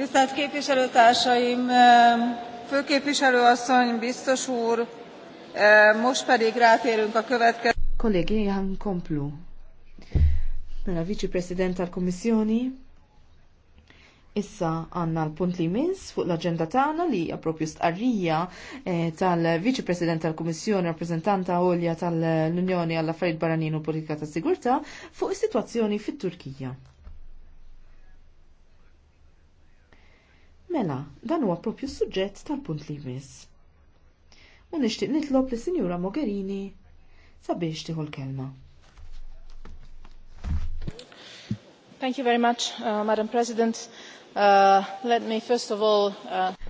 Tisztelt képviselőtársaim, főképviselő asszony, biztos úr, most pedig rátérünk a következő. Kollégi, komplu. Mela, viċi president tal-Komissjoni, Issa għanna l-punt li mins fuq l-agenda tagħna li hija propju stqarrija eh, tal-Viċi President tal-Kummissjoni rappreżentanta għolja tal-Unjoni għall affarijiet Barranin u Politika tas Sigurtà fuq is-sitwazzjoni fit-Turkija. Mela, dan huwa propju suġġett tal-punt li jmiss. U nixtieq nitlob li Sinjura Mogherini sabiex tieħu l-kelma. Thank you very much, uh, Madam President. Uh, let me first of all uh...